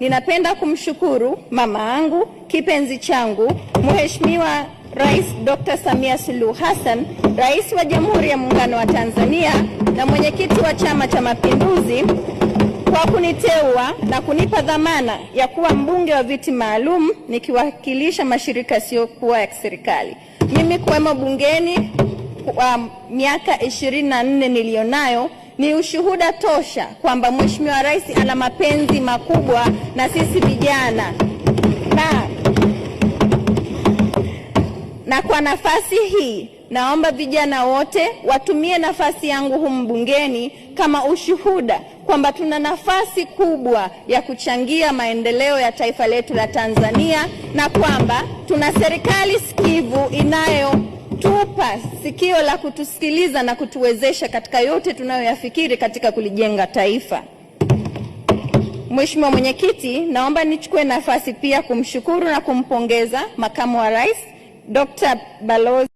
Ninapenda kumshukuru mama angu kipenzi changu Mheshimiwa Rais Dr. Samia Suluhu Hassan, Rais wa Jamhuri ya Muungano wa Tanzania na mwenyekiti wa Chama cha Mapinduzi kwa kuniteua na kunipa dhamana ya kuwa mbunge wa viti maalum nikiwakilisha mashirika yasiyokuwa ya kiserikali. Mimi kuwemo bungeni kwa um, miaka 24 niliyonayo ni ushuhuda tosha kwamba Mheshimiwa Rais ana mapenzi makubwa na sisi vijana na, na kwa nafasi hii naomba vijana wote watumie nafasi yangu humu bungeni kama ushuhuda kwamba tuna nafasi kubwa ya kuchangia maendeleo ya taifa letu la Tanzania na kwamba tuna serikali sikivu inayo kutupa sikio la kutusikiliza na kutuwezesha katika yote tunayoyafikiri katika kulijenga taifa. Mheshimiwa Mwenyekiti, naomba nichukue nafasi pia kumshukuru na kumpongeza Makamu wa Rais Dr. Balozi